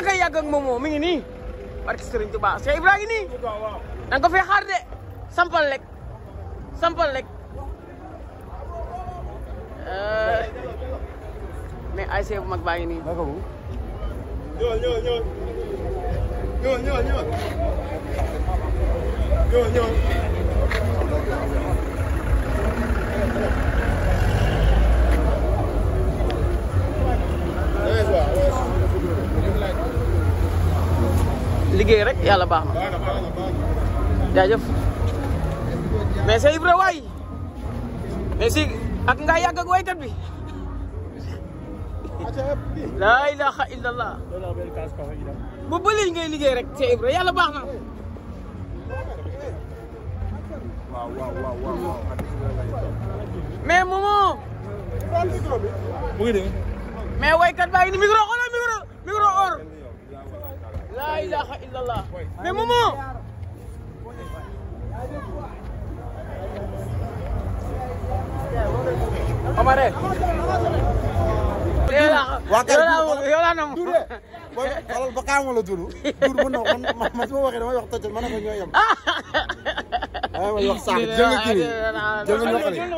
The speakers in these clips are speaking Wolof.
aka yàgg ak moom moom mi ngi nii barki Serigne Touba Cheikh Ibra ngi nii da ya, nga ko fee xaar de sampal rek sampal rek eh, mais ay bu mag liggéey rek yàlla baax na jaajëf mais c'est waay mais yàgg ak waykat bi laa ilaha illallah bu bëli ngay liggéey rek c'est Ibra yàlla baax na mais Momo mais waykat baa ngi ni micro laa ilaaha illallah mais Momo Amare waa kër yow laa nangu duur xoolal ba kaama la duur duur bu ndaw man man su ma ma ne ko ñoo yem. waaw ma wax da ngeen a taay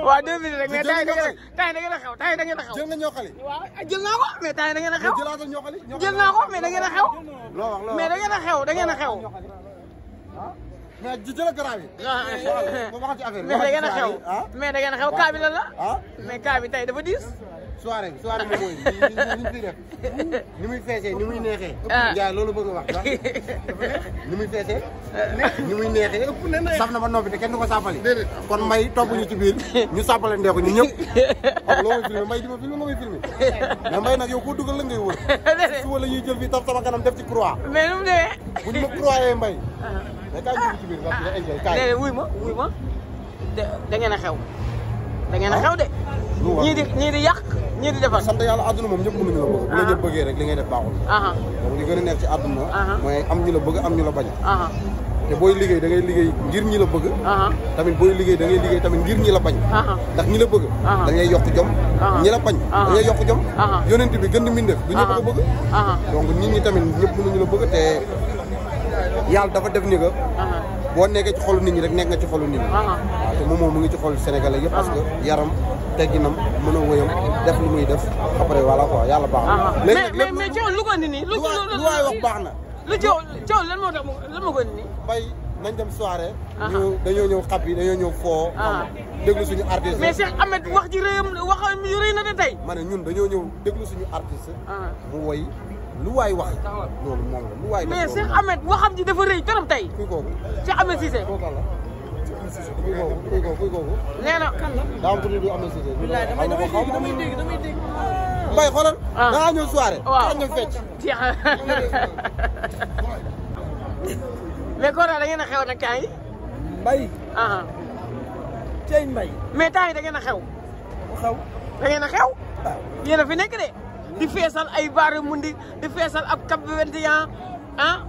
da ngeen a xew taay da ngeen a xew. jël nga ñoo xale. waaw jël naa ko mais taay da a xew. jëlaatal ñoo na jël da ngeen a xew. loo wax a a xew. mais ji jëla garaaw yi. bu ma ci affaire bi mais da ngeen a xew. mais da ngeen a xew kaa bi lan la. Ah. mais kaa bi tey dafa diis. soirée bi soirée bi mooy ni muy def ni muy feesee ni muy neexee. Ah. Ndiaye loolu bëgg nga wax ni muy feesee. Ah. ni muy neexee saf na ba noppi te kenn du ko saafali. kon may topp ñu ci biir ñu saafale ndeeku ñu ñëpp. waaw loolu filmé may di ma filmé nga may filmé mais may nag yow koo dugal la ngay wër. su wala ñuy jël fii taf sama kanam def ci croix. mais nu mu demee. bu ñu ma croyé mbay. léegi wuy ma wuy ma da ngeen a xew ngeen xew de ñii di ñii di yàq ñii di defal sant yàlla àdduna moom ñëpp mënuñu la bëgg bu la ñëpp bëggee rek li ngay def baaxul donc li gën a neex ci àdduna mooy am ñu la bëgg am ñu la bañ te booy liggéey da ngay liggéey ngir ñi la bëgg tamit booy liggéey da ngay liggéey tamit ngir ñi la bañ ndax ñi la bëgg da ngay yokk jom ñi la bañ da ngay yokk jom yonent bi gën di mbindeef du ñëpp ko bëgg donc nit ñi tamit ñëpp mënuñu la te yàlla dafa def ni que uh-huh. boo nekkee ci xolu nit ñi rek nekk nga ci xolu nii ñi uh-huh. waaw moom mu ngi ci xolu sénégalais yëpp parce que uh-huh. yaram tegginam mën a wëyam def lu muy def après voilà quoi yàlla baax na léegi mais mais lu ko ni nii lu waay na lu Thione lan moo tax lan moo ko ni nii bay nañ dem soirée dañoo ñëw xab yi dañoo ñëw foo déglu suñu artiste mais Cheikh Ahmed wax ji rëyam wax yu rëy na de tey ma ne ñun dañoo ñëw déglu suñu artiste mu woy lu waay wax loolu moom la lu waay mais Cheikh Ahmed waxam ji dafa rëy torop tey. kuy kooku Cheikh Ahmed Cissé. kooku àll kuy kooku kuy kooku kuy kooku. nee na kan la. daa am tudd du Ahmed Cissé. bilaay damay dégg damay dégg damay dégg. Mbaye xoolal. ah da fecc. jeex mais Kora da ngeen a xew na temps yi. Mbaye. ah. tey Mbaye. mais temps yi da a xew. xew da a xew. waaw fi nekk de. di feesal ay baaramundi di feesal ab cap 21 ah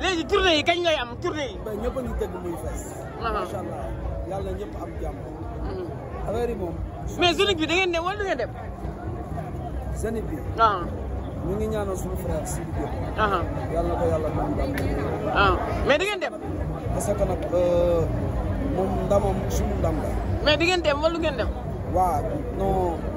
léegi tournée yi kañ lay am tournée yi. a ngi dégg muy fees. Ah. macha allah yàlla ñëpp am jàmm. Mm-hmm. affaire yi moom. mais zénith bi da ngeen dem wala du dem. zénith bi. Ah. ñu ngi ñaanal suñu frère Sidi Diop. Ah. yàlla ko yàlla mën mais di ngeen dem. parce que nag euh, moom ndamam suñu ndam la. mais di ngeen dem wala du ngeen dem. waaw non.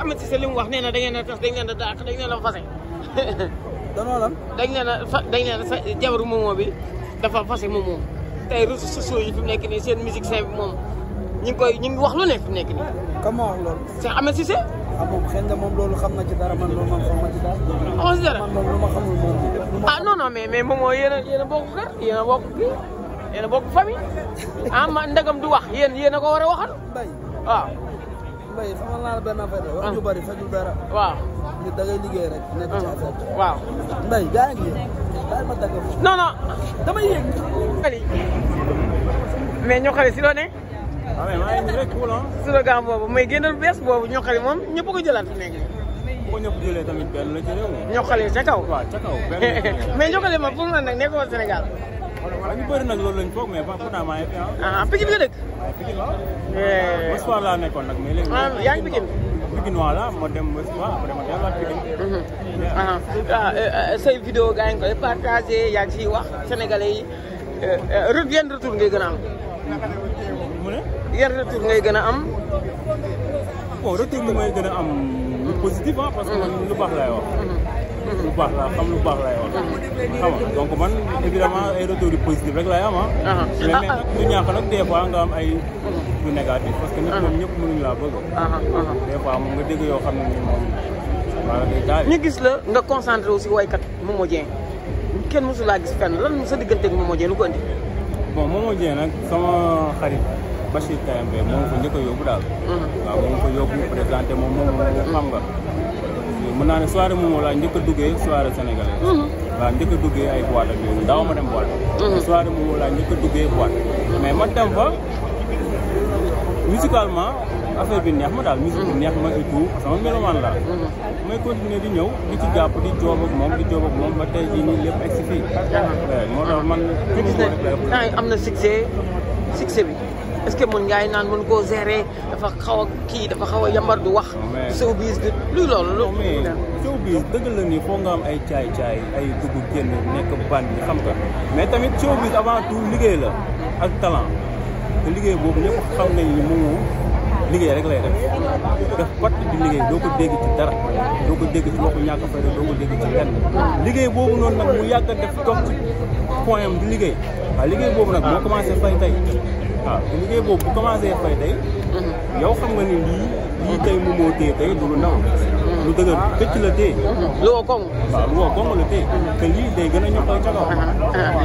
Ahmed Cissé li mu wax nee na da ngeen a tas dañ leen a dàq dañ leen a fase. danoo lan. dañ leen a fa dañ leen a sa jabaru moomoo bi dafa fase moomoo tey réseaux sociaux yi fi mu nekk nii seen musique sain bi moom ñu ngi koy ñu ngi wax lu ne fi mu nekk nii. kan moo wax loolu. c'est Ahmed Cissé. ah moom xëy na moom loolu xam na ci dara man loolu man xam na ci dara. xamoo si dara man loolu lu ma xamul moom. ah non non mais mais moomoo yéen a yéen kër yéen a bokk kii yéen famille ah man ndegam du wax yéen yéen ko war a waxal. waaw. bay sama laal benn affaire wax ju ah. bari fajul dara. waaw nit da ngay liggéey rek. nekk ci ah. affaire bi waaw. Mbaye gaa ngi daal ma dagg si loo ne. waaw ah, mais maa ngi rek wala. slogan boobu may génnoon bees boobu ñoo xale moom ñëpp ko jëlaat fi nekk. bu ko ñëpp jëlee tamit benn la ci réew mi. ñoo xale ca kaw. waaw ca kaw benn mais waaw ñu na nag loolu lañ foog mais pourtant maa nekkoon nag mais léegi. ah yaa ngi Pikine. Pikine voilà ma dem Espoir après ma delluwaat Pikine. ah ah say vidéo gaa wax sénégalais yi route retour ngay gën a am. mu ne. yan ngay gën a am. bon retour bi may gën a am. positif parce que lu baax laay lu baax laa xam lu baax laay wax. Ah. xam nga donc man évidemment ay retours yu positif rek laay am ah. ah. mais ah. mais nag du ñàkk nag des fois nga am ay. yu négatif parce que nit moom ñëpp mënuñu laa bëgg. des fois moom nga dégg yoo xam ne nii moom. ñu gis la nga concentré aussi waykat Momo Dieng kenn mosu laa gis fenn lan sa diggante ak moo Dieng lu ko indi. bon Momo Dieng nag sama xarit Bachir Kayembe moom ko njëkk daal. Mm-hmm. waaw moom ko yóbbu présenté mën naa ne soirée moomoo laa njëkk duggee soirée sénégalaise waaw mhm. njëkk a duggee ay boîte mhm. a duggee boîte mais ma dem ma daal musique mhm. di ñëw di ci jàpp di joob na succès bi est que mën ngay naan mën koo dafa xaw kii dafa xaw a yambar du wax showbiz luy loolu lu mais show bi dëgg la ni foo ay caay caay ay dugg génn nekk ban bi xam ka mais tamit show bi avant tout liggéey la ak talent te liggéey boobu ñëpp xam nañ ni moomu liggéey rek lay def def pat di liggéey doo ko dégg ci dara doo ko dégg ci waxu ñàkk fay doo ko dégg ci lenn liggéey boobu noonu nag mu yàgg a def toog ci di liggéey waaw liggéey boobu nag moo commencé fay tey waaw liggéey boobu bu commencé fay tey. Mhm. yow xam nga ni lii lii tey moom moo téye tey du lu ndaw. Mhm. lu dëgër pëcc la téye. Mhm. lu woo koŋŋ. waaw lu woo la téye. te lii day gën a ñu koy cagaw.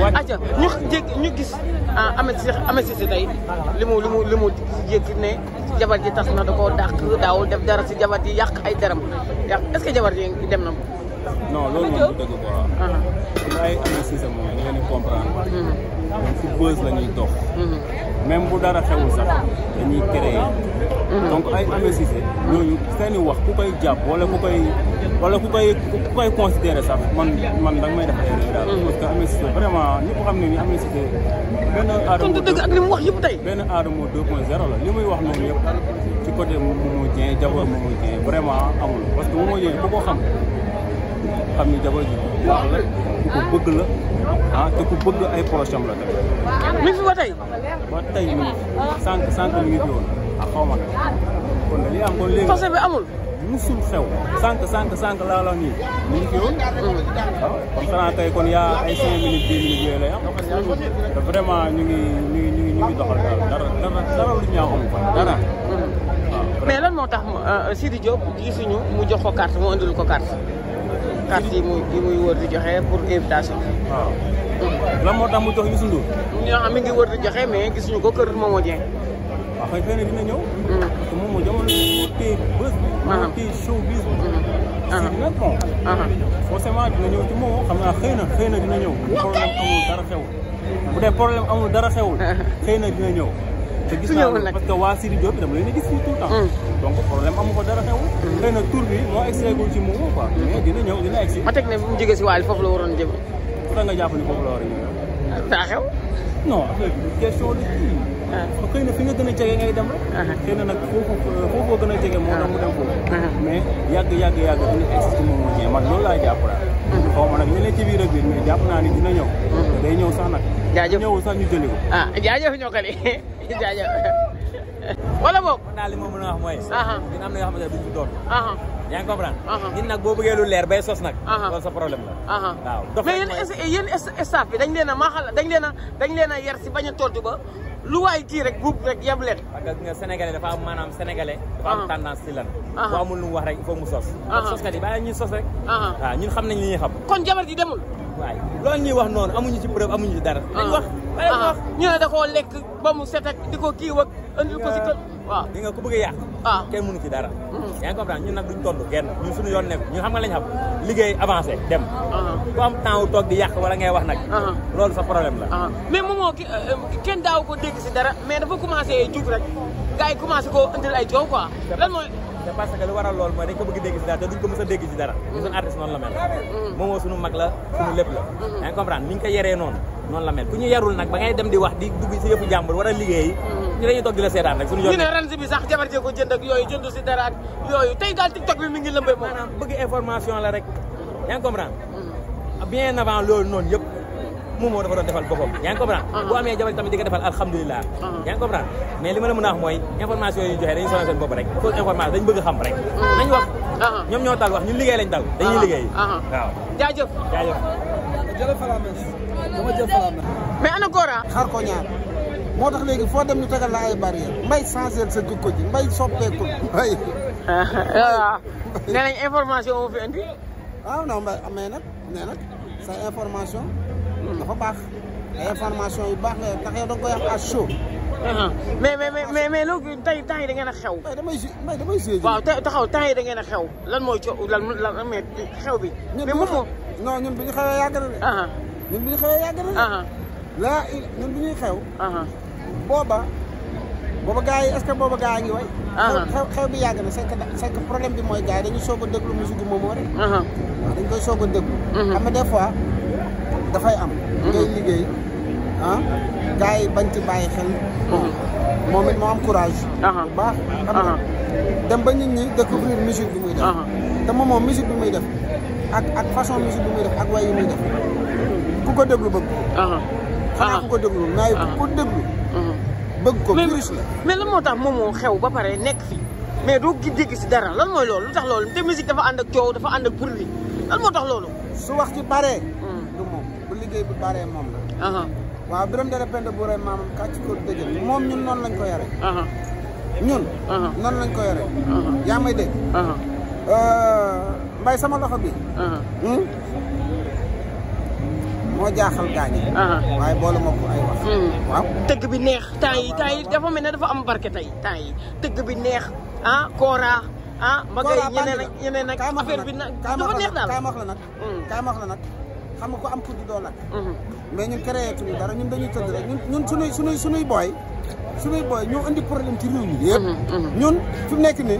waaw atia ñu jég ñu gis a ah, Ahmed Cissé Ahmed Cissé tey li mu li mu li mu yëg ne jabar ji tas na da koo dàq daawul def dara si jabar ji yàq ay deram yàq est-ce que jabar ji dem na. non loolu moom du dëgg quoi. Ah, am ay analyses am moom da ngeen di comprendre. Mm-hmm. donc fu bës la ñuy dox. Mm-hmm. même bu dara xewul sax dañuy créer. Mm-hmm. donc ay analyses ñooñu seeni wax ku koy jàpp wala ku koy wala ku koy ku koy considéré sax man man da nga may def erreur daal. parce que analyses vraiment ñëpp xam nañu ne analyses benn aadama. kon ak li mu wax tey. benn aadama 2.0 la li muy wax noonu yëpp ci côté Momo Dieng Jago Momo Dieng vraiment amul parce que Momo Dieng ku ko xam. xam ni jabar ji baax la ku bëgg la ah ku bëgg ay procham la tamit. mi fi ba tey. ba tey mi sànq sànq mi ngi fi woon ah xaw ma nag kon li am kon léegi fase bi xew sànq sànq sànq laa la nii mu fi woon waaw ah, ñu ngi ñu ñu ngi doxal daal dara mais lan moo tax euh, Sidi Diop gisuñu mu jox ko carte mu indil ko carte carte yi muy yi muy wër di joxe pour invitation. waaw lan moo tax mu jox Youssou Ndour. ñoo xam mi ngi wër di joxe mais gisuñu ko kër Momo Dieng. waaw xëy na dina ñëw. Hmm. parce que Momo jamono moo téye bés bi. moo téye showbiz bi. Hmm. si nag bon. forcément dina ñëw ci Momo xam naa xëy na xëy na dina ñëw. problème amul dara xewul. bu dee problème amul dara xewul. xëy na dina ñëw. te gis naa parce que waa Sidi Diop dama leen di gis fii tout le hmm. problème amu ko dara xew. Hmm. xëy na tur bi moo egseegul ci moom quoi. Hmm. dina ñëw dina egsi. ma teg ne bu mu jógee si waal foofu la waroon nga jàpp ni foofu la ah, xew. non affaire bi question ah. na fi nga gën a jege ngay dem rek. Ah. xëy na nag foofu foofu gën a jege moo tax mu dem foofu. mais yàgg yàgg yàgg dina egsi ci moom mu ñëw man loolu laa jàpp daal. xaw ma nag ñu ne ci biir ak biir mais jàpp naa ni dina ñëw. day ñëw sax nag. jaajëf ñëwul sax ñu jëli ko. ño jaajëf jaajëf wala boog. mën naa li ma mën a wax mooy. ñun am na yoo xamante ne duñ fi doon. yaa ngi comprendre. ñun nag boo bëggee lu leer bay sos nag. loolu sa problème la. waaw dox mais yéen yéen staff bi dañ leen a maaxal dañ leen a dañ leen a yar si bañ a tontu ba lu waay kii rek buub rek yem leen. parce que nga sénégalais dafa am maanaam sénégalais. dafa am tendance si lan. bu amul lu mu wax rek il faut mu sos. sos kat yi bàyyi ñuy sos rek. waaw ñun xam nañ li ñuy xam. kon jabar ji demul. waay loolu ñuy wax noonu amuñu ci preuve amuñu ci dara. dañ wax Eh, ah ñu ne da koo lekk ba mu set ak di ko kii wak andil ko si ah. nga ku bëgg a yàq. ah kenn mënu ci dara. Mm. yaa ngi comprendre ñun nag duñ tontu kenn ñun suñu yoon nekk ñun xam nga lañ liggéey avancé dem. Ah. ku am temps di yàq wala ngay wax nag. Ah. loolu sa problème la. mais moom euh, euh, kenn daaw ko dégg si dara mais dafa commencé jug rek gars yi commencé koo indil ay coow quoi lan mooy. loolu mooy dañ ko bëgg dégg ci dara te duñ ko mës a dégg ci dara. ñu mm. suñu artiste noonu la mel. moom moo mag la suñu lépp la. Mm. yaa ñu ko yeree noonu. noonu la mel ku ñu yarul nag ba ngay dem di wax di dugg si yëfu jàmbur war a liggéey mm-hmm. ñu dañuy toog di la seetaan rek suñu yoon ñu ne yooyu jënd si dara ak mi ngi lëmbee moom maanaam bëgg information la rek yaa ngi comprendre mm-hmm. ah, bien avant loolu noonu yëpp moom moo dafa defal boppam yaa ngi comprendre uh-huh. bu amee jabar tamit di ko defal alhamdulilah uh-huh. yaa ngi comprendre mais li ma la mën yi joxe dañu sonal seen bopp rek fausse information xam rek uh-huh. nañ wax ñoom ñoo tal wax ñun liggéey lañ dama jël falaam mais ana Gora. xar ko ñaar moo tax léegi foo dem ñu tegal la ay barrière mbay changé sa jikko ji mbay soppeekul mbay. waaw ah, ah. nee nañ information moo fi indi. a ah, non mbay amee nag nee sa information. dafa baax ay information yu baax la ndax yow da uh-huh. mais mais mais mais loolu tey temps yi a xew. waaw damay ju damay waaw taxaw temps yi da ngeen a xew lan mooy co lan lan xew bi. mais moom ñun bi ñu xewee yàgg na de. Uh-huh. ñun bi ñu xewee yàgg na. Uh-huh. laa il ñun bi ñuy xew. Uh-huh. booba booba gaa yi est que booba gaa yi ngi way. Uh-huh. xew xew bi yàgg na c'est que problème bi mooy gars yi dañu soog a déglu musique moomoo rek. waaw dañ koy soog a déglu. xam nga des fois dafay am. ngay liggéey ah gars yi bañ ci bàyyi xel. moom it moo am courage. bu baax xam dem ba nit ñi découvrir musique bi muy def. te moom moom musique bi muy def ak ak façon musique bi muy def ak way yi muy def. ku ko déglu bëgg ko. Ah, ah. xanaa ku ko déglu naay ah, ku ko déglu. bëgg ko virus la mais lan moo tax moom moo xew ba pare nekk fii mais doo dégg si dara lan mooy loolu lu tax loolu te musique dafa ànd ak coow dafa ànd ak bruit lan moo tax loolu. su wax ci baree. Hmm. du moom bu liggéey bi baree moom la. waaw biram dara pend bu rey maamam kàcc ko dëgg moom ñun noonu lañ ko yore. ñun. noonu lañ ko yore. yaa may dégg. Euh, mbay sama loxo bi. Hmm? moo jaaxal gaañi. Ah. waaye boole ma ko ay wax. Hmm. tëgg bi neex temps yi temps yi dafa mel ne dafa am barke tey temps yi tëgg bi neex ah Kora ah. Kora Bandi la Maguette yeneen ak affaire bi nag dafa neex daal kaa ma wax la nag hmm. kaa nag. xam nga ko am kuddu doo lakk. Hmm. mais ñun créé tuñu dara ñun dañuy tëgg rek ñun ñun suñuy suñuy suñuy booy. suñuy booy ñoo indi problème ci réew mi yëpp. ñun fi mu nekk nii.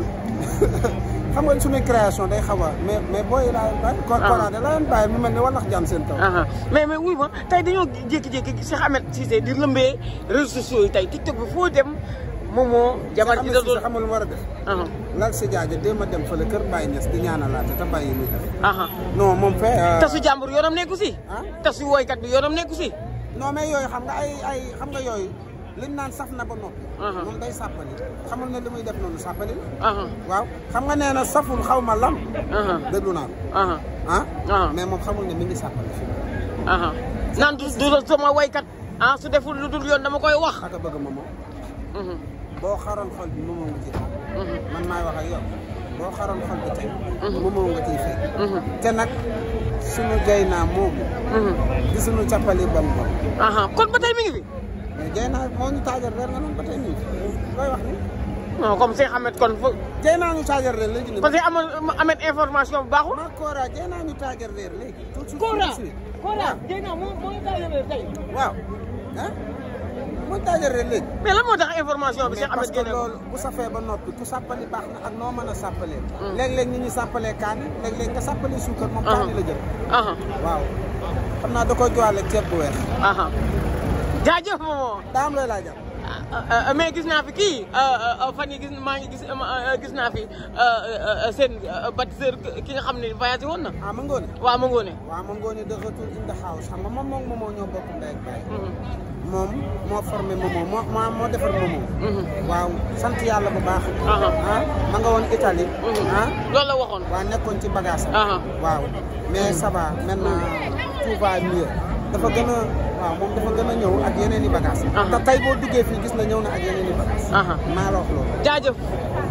xam nga suñuy création day xaw a mais mais booy laa leen bàyyi. corporant ah. da laa leen bàyyi mu mel ne walax jàmm seen taw. Ah, ah. mais mais wuy ma tey dañoo jékki-jékki Cheikh Ahmed Cissé di lëmbee réseaux sociaux yi tey TikTok bi foo dem moom moo. jabar ji da doon xam nga lu war a def. lal si jaaja dee ma dem fële kër Baye Niass di ñaanalaate te bàyyi muy def. non moom fee. Euh, tasu jàmbur yoonam nekku si. tasu woykat bi yoonam nekku si. non mais yooyu xam nga ay ay xam nga yooyu. lim naan saf na ba noppi. moom day sàppali xamul ne li muy def noonu sàppali la. waaw xam nga nee na saful xaw ma lam. déglu naa ko. ah mais moom xamul ne mi ngi sàppali fi. naan du du sama waykat ah su deful lu dul yoon dama koy wax. ak a bëgg ma moom. boo xaroon xol bi moom moo ngi ciy man maay wax ak yow boo xaroon xol bi tey. moom moo nga ciy fekk. te nag sunu gay naa moom. di sunu cappali bam bam. kon ba tey mi ngi fi. mais Dieyna moo ñu taajal reer nga noonu ba tey nii looy wax ni non comme Cheikh Ahmed kon fo. Dieyna ñu taajal parce que amoon amet bu baaxul. non ñu taajal reer léegi. tout Kora moo waaw ah moo ñu taajal reer léegi. mais lan moo tax information bi Cheikh Ahmed Dieyna parce bu safee ba noppi ku sàppali baax na ak noo mën a sàppalee. Hmm. léeg-léeg nit ñi sàppalee kaani léeg-léeg nga sàppali suukar. moom hmm. kaani la jël. Hmm. waaw xam naa da koo ceeb bu weex. jaajëf moomoo. daa am looy laajal. Euh, euh, mais gis naa fi kii euh, fan yi gis maa ngi gis gis naa fi seen bâtisseur ki nga xam ne voyagé woon na. ah ma ngoone. waaw ma ngoone. waaw ma ngoone de retour in the house xam nga moom moom moomoo ñoo bokk ndey ak baay. Mhm. moom moo formé moomoo moo moo moo defar moomoo. Mhm. waaw sant yàlla bu baax. ah ma nga woon Italie. Mhm. ah loolu la waxoon. waaw nekkoon ci bagage waaw mais ça va maintenant tout va mieux. dafa gën a waaw moom dafa gën a ñëw ak yeneen i bagages. te tey boo duggee fii gis na ñëw na ak yeneen i bagages. maa la wax loolu. jaajëf.